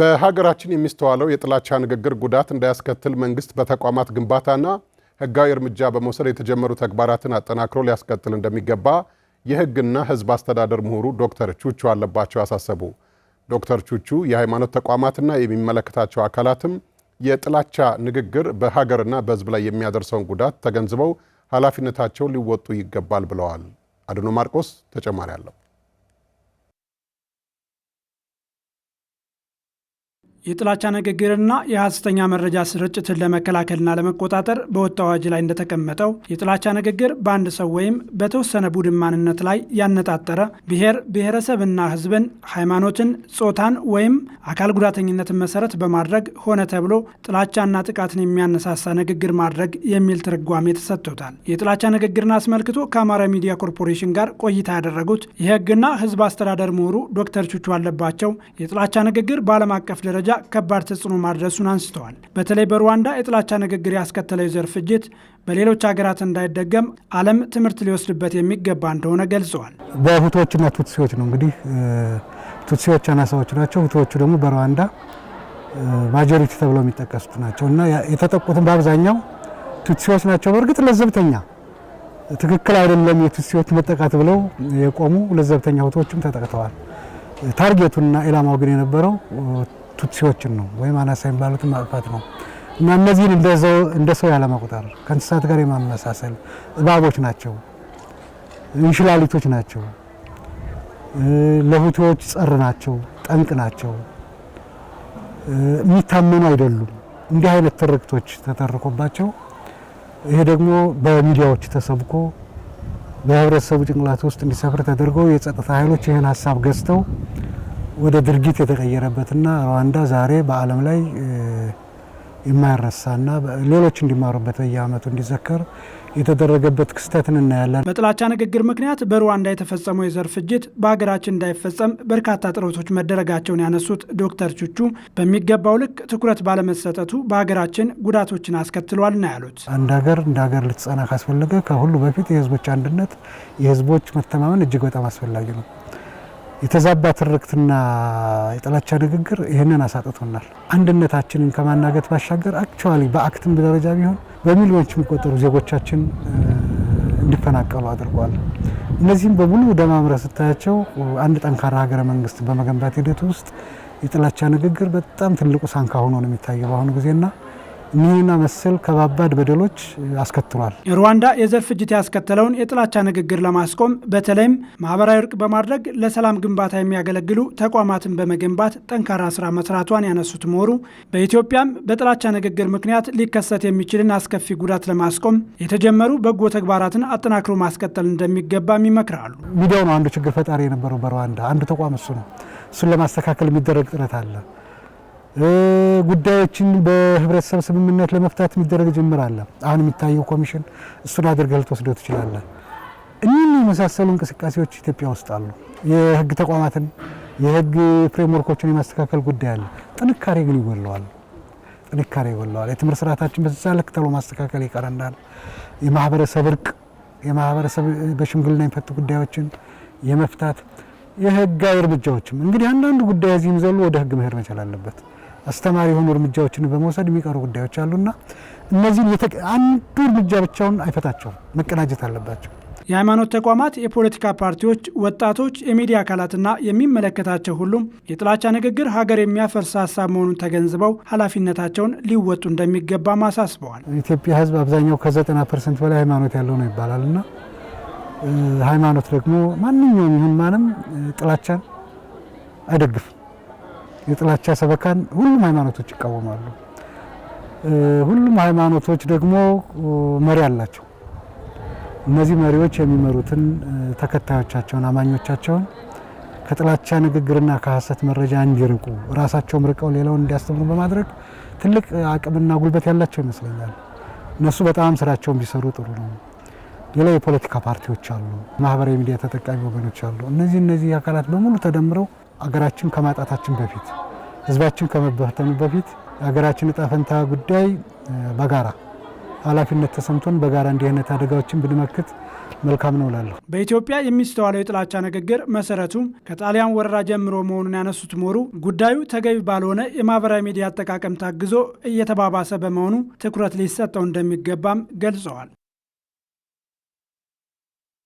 በሀገራችን የሚስተዋለው የጥላቻ ንግግር ጉዳት እንዳያስከትል መንግስት በተቋማት ግንባታና ህጋዊ እርምጃ በመውሰድ የተጀመሩ ተግባራትን አጠናክሮ ሊያስቀጥል እንደሚገባ የህግና ህዝብ አስተዳደር ምሁሩ ዶክተር ቹቹ አለባቸው አሳሰቡ። ዶክተር ቹቹ የሃይማኖት ተቋማትና የሚመለከታቸው አካላትም የጥላቻ ንግግር በሀገርና በህዝብ ላይ የሚያደርሰውን ጉዳት ተገንዝበው ኃላፊነታቸው ሊወጡ ይገባል ብለዋል። አድኖ ማርቆስ ተጨማሪ አለው። የጥላቻ ንግግርና የሐሰተኛ መረጃ ስርጭትን ለመከላከልና ለመቆጣጠር በወጣው አዋጅ ላይ እንደተቀመጠው የጥላቻ ንግግር በአንድ ሰው ወይም በተወሰነ ቡድን ማንነት ላይ ያነጣጠረ ብሔር ብሔረሰብና ሕዝብን፣ ሃይማኖትን፣ ጾታን ወይም አካል ጉዳተኝነትን መሰረት በማድረግ ሆነ ተብሎ ጥላቻና ጥቃትን የሚያነሳሳ ንግግር ማድረግ የሚል ትርጓሜ ተሰጥቶታል። የጥላቻ ንግግርን አስመልክቶ ከአማራ ሚዲያ ኮርፖሬሽን ጋር ቆይታ ያደረጉት የሕግና ሕዝብ አስተዳደር ምሁሩ ዶክተር ቹቹ አለባቸው የጥላቻ ንግግር በዓለም አቀፍ ደረጃ ከባድ ተጽዕኖ ማድረሱን አንስተዋል። በተለይ በሩዋንዳ የጥላቻ ንግግር ያስከተለው የዘር ፍጅት በሌሎች ሀገራት እንዳይደገም ዓለም ትምህርት ሊወስድበት የሚገባ እንደሆነ ገልጸዋል። በሁቶዎችና ቱትሲዎች ነው እንግዲህ ቱትሲዎች አናሳዎች ናቸው። ሁቶዎቹ ደግሞ በሩዋንዳ ማጆሪቲ ተብለው የሚጠቀሱት ናቸው እና የተጠቁትን በአብዛኛው ቱትሲዎች ናቸው። በእርግጥ ለዘብተኛ ትክክል አይደለም የቱትሲዎች መጠቃት ብለው የቆሙ ለዘብተኛ ሁቶዎችም ተጠቅተዋል። ታርጌቱና ኢላማው ግን የነበረው ቱትሲዎችን ነው ወይም አናሳ የሚባሉትን ማጥፋት ነው እና እነዚህን እንደ ሰው ያለመቁጠር ከእንስሳት ጋር የማመሳሰል እባቦች ናቸው፣ እንሽላሊቶች ናቸው፣ ለሁቲዎች ጸር ናቸው፣ ጠንቅ ናቸው፣ የሚታመኑ አይደሉም። እንዲህ አይነት ትርክቶች ተተርኮባቸው ይሄ ደግሞ በሚዲያዎች ተሰብኮ በህብረተሰቡ ጭንቅላት ውስጥ እንዲሰፍር ተደርገው የጸጥታ ኃይሎች ይህን ሀሳብ ገዝተው ወደ ድርጊት የተቀየረበትና ሩዋንዳ ዛሬ በዓለም ላይ የማይረሳና ሌሎች እንዲማሩበት በየአመቱ እንዲዘከር የተደረገበት ክስተትን እናያለን። በጥላቻ ንግግር ምክንያት በሩዋንዳ የተፈጸመው የዘር ፍጅት በሀገራችን እንዳይፈጸም በርካታ ጥረቶች መደረጋቸውን ያነሱት ዶክተር ቹቹ በሚገባው ልክ ትኩረት ባለመሰጠቱ በሀገራችን ጉዳቶችን አስከትሏል ነው ያሉት። አንድ ሀገር እንደ ሀገር ልትጸና ካስፈለገ ከሁሉ በፊት የህዝቦች አንድነት፣ የህዝቦች መተማመን እጅግ በጣም አስፈላጊ ነው። የተዛባ ትርክትና የጥላቻ ንግግር ይህንን አሳጥቶናል። አንድነታችንን ከማናገት ባሻገር አክቹዋሊ በአክትም ደረጃ ቢሆን በሚሊዮኖች የሚቆጠሩ ዜጎቻችን እንዲፈናቀሉ አድርጓል። እነዚህም በሙሉ ደማምረ ስታያቸው አንድ ጠንካራ ሀገረ መንግስት በመገንባት ሂደት ውስጥ የጥላቻ ንግግር በጣም ትልቁ ሳንካ ሆኖ ነው የሚታየው በአሁኑ ጊዜና እኒህና መሰል ከባባድ በደሎች አስከትሏል። ሩዋንዳ የዘር ፍጅት ያስከተለውን የጥላቻ ንግግር ለማስቆም በተለይም ማህበራዊ እርቅ በማድረግ ለሰላም ግንባታ የሚያገለግሉ ተቋማትን በመገንባት ጠንካራ ስራ መስራቷን ያነሱት ሞሩ በኢትዮጵያም በጥላቻ ንግግር ምክንያት ሊከሰት የሚችልን አስከፊ ጉዳት ለማስቆም የተጀመሩ በጎ ተግባራትን አጠናክሮ ማስቀጠል እንደሚገባም ይመክራሉ። ሚዲያው ነው አንዱ ችግር ፈጣሪ የነበረው በሩዋንዳ አንዱ ተቋም እሱ ነው። እሱን ለማስተካከል የሚደረግ ጥረት አለ። ጉዳዮችን በህብረተሰብ ስምምነት ለመፍታት የሚደረግ ጅምር አለ። አሁን የሚታየው ኮሚሽን እሱን አድርገህ ልትወስደው ትችላለህ። እኒህ የመሳሰሉ እንቅስቃሴዎች ኢትዮጵያ ውስጥ አሉ። የህግ ተቋማትን የህግ ፍሬምወርኮችን የማስተካከል ጉዳይ አለ። ጥንካሬ ግን ይጎለዋል። ጥንካሬ ይጎለዋል። የትምህርት ስርዓታችን በዛ ልክ ተብሎ ማስተካከል ይቀረናል። የማህበረሰብ እርቅ፣ የማህበረሰብ በሽምግልና የሚፈቱ ጉዳዮችን የመፍታት የህጋዊ እርምጃዎችም እንግዲህ አንዳንዱ ጉዳይ እዚህም ዘሎ ወደ ህግ መሄድ መቻል አለበት። አስተማሪ የሆኑ እርምጃዎችን በመውሰድ የሚቀሩ ጉዳዮች አሉና እነዚህን አንዱ እርምጃ ብቻውን አይፈታቸውም፣ መቀናጀት አለባቸው። የሃይማኖት ተቋማት፣ የፖለቲካ ፓርቲዎች፣ ወጣቶች፣ የሚዲያ አካላትና የሚመለከታቸው ሁሉም የጥላቻ ንግግር ሀገር የሚያፈርስ ሀሳብ መሆኑን ተገንዝበው ኃላፊነታቸውን ሊወጡ እንደሚገባም አሳስበዋል። ኢትዮጵያ ሕዝብ አብዛኛው ከዘጠና ፐርሰንት በላይ ሃይማኖት ያለው ነው ይባላል እና ሃይማኖት ደግሞ ማንኛውም ይሁን ማንም ጥላቻን አይደግፍም። የጥላቻ ሰበካን ሁሉም ሃይማኖቶች ይቃወማሉ። ሁሉም ሃይማኖቶች ደግሞ መሪ አላቸው። እነዚህ መሪዎች የሚመሩትን ተከታዮቻቸውን፣ አማኞቻቸውን ከጥላቻ ንግግርና ከሀሰት መረጃ እንዲርቁ ራሳቸውም ርቀው ሌላውን እንዲያስተምሩ በማድረግ ትልቅ አቅምና ጉልበት ያላቸው ይመስለኛል። እነሱ በጣም ስራቸውን ቢሰሩ ጥሩ ነው። ሌላ የፖለቲካ ፓርቲዎች አሉ፣ ማህበራዊ ሚዲያ ተጠቃሚ ወገኖች አሉ። እነዚህ እነዚህ አካላት በሙሉ ተደምረው አገራችን ከማጣታችን በፊት ህዝባችን ከመበተኑ በፊት የሀገራችን እጣ ፈንታ ጉዳይ በጋራ ኃላፊነት ተሰምቶን በጋራ እንዲህ አይነት አደጋዎችን ብንመክት መልካም ነው እላለሁ። በኢትዮጵያ የሚስተዋለው የጥላቻ ንግግር መሰረቱም ከጣሊያን ወረራ ጀምሮ መሆኑን ያነሱት ሞሩ ጉዳዩ ተገቢ ባልሆነ የማህበራዊ ሚዲያ አጠቃቀም ታግዞ እየተባባሰ በመሆኑ ትኩረት ሊሰጠው እንደሚገባም ገልጸዋል።